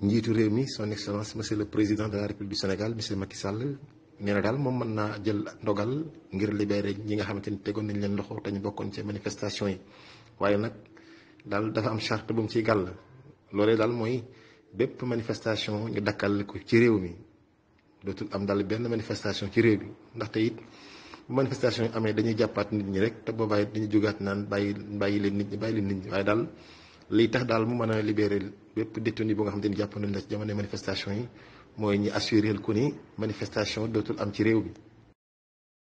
njiitu réew mi son excellence monsieur le président de la république du Sénégal monsieur Macky Sall nee na daal moom mën naa jël ndogal ngir libéré ñi nga xamante ni tegoon nañ leen loxo te ñu bokkoon ci manifestation yi waaye nag daal dafa am charte bu mu ciy la loolee daal mooy bépp manifestation ñu dakkal ko ci réew mi dootul am daal benn manifestation ci réew bi ndaxte it bu manifestation yi amee dañuy jàppaat nit ñi rek te boobaay dañuy jógaat naan bàyyi bàyyi leen nit ñi bàyyi leen nit ñi waaye daal li tax daal mu mën a libéré bépp détenu bu nga xam te ni jàpp nañ la ci jamono manifestation yi mooy ñi assuré ku ni manifestation dootul am ci réew mi